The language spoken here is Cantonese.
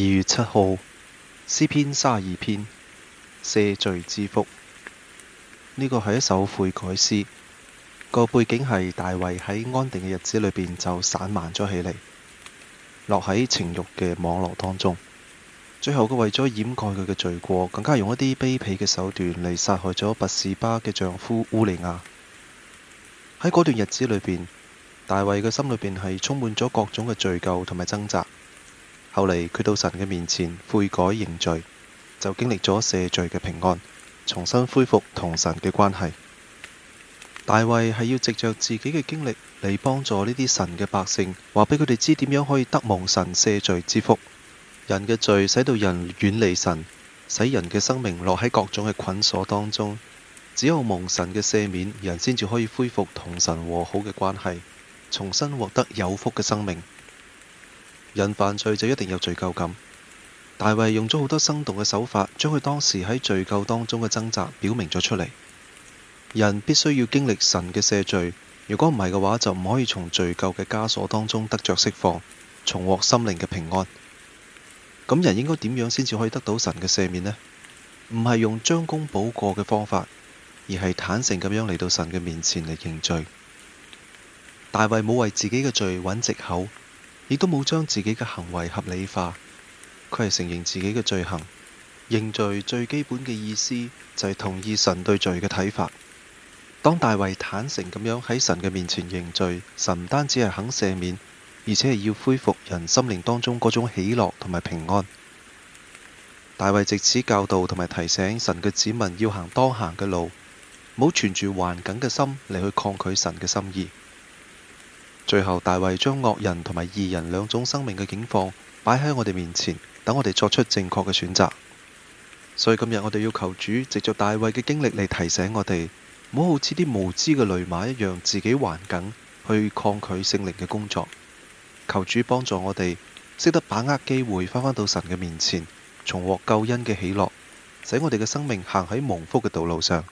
二月七號，詩篇三十二篇，赦罪之福。呢個係一首悔改詩，個背景係大衛喺安定嘅日子裏邊就散漫咗起嚟，落喺情欲嘅網羅當中。最後佢為咗掩蓋佢嘅罪過，更加用一啲卑鄙嘅手段嚟殺害咗拔示巴嘅丈夫烏利亞。喺嗰段日子裏邊，大衛嘅心裏邊係充滿咗各種嘅罪咎同埋掙扎。後嚟佢到神嘅面前悔改認罪，就經歷咗赦罪嘅平安，重新恢復同神嘅關係。大衛係要藉着自己嘅經歷嚟幫助呢啲神嘅百姓，話俾佢哋知點樣可以得蒙神赦罪之福。人嘅罪使到人遠離神，使人嘅生命落喺各種嘅捆鎖當中。只有蒙神嘅赦免，人先至可以恢復同神和好嘅關係，重新獲得有福嘅生命。人犯罪就一定有罪咎感。大衛用咗好多生動嘅手法，將佢當時喺罪咎當中嘅掙扎表明咗出嚟。人必須要經歷神嘅赦罪，如果唔係嘅話，就唔可以從罪咎嘅枷鎖當中得着釋放，重獲心靈嘅平安。咁人應該點樣先至可以得到神嘅赦免呢？唔係用將功補過嘅方法，而係坦誠咁樣嚟到神嘅面前嚟認罪。大衛冇為自己嘅罪揾藉口。亦都冇將自己嘅行為合理化，佢係承認自己嘅罪行。認罪最基本嘅意思就係同意神對罪嘅睇法。當大衛坦誠咁樣喺神嘅面前認罪，神唔單止係肯赦免，而且係要恢復人心靈當中嗰種喜樂同埋平安。大衛借此教導同埋提醒神嘅子民要行當行嘅路，冇存住頑梗嘅心嚟去抗拒神嘅心意。最後，大衛將惡人同埋義人兩種生命嘅境況擺喺我哋面前，等我哋作出正確嘅選擇。所以今日我哋要求主，藉著大衛嘅經歷嚟提醒我哋，唔好好似啲無知嘅騾馬一樣，自己頑梗去抗拒聖靈嘅工作。求主幫助我哋，識得把握機會，返返到神嘅面前，重獲救恩嘅喜樂，使我哋嘅生命行喺蒙福嘅道路上。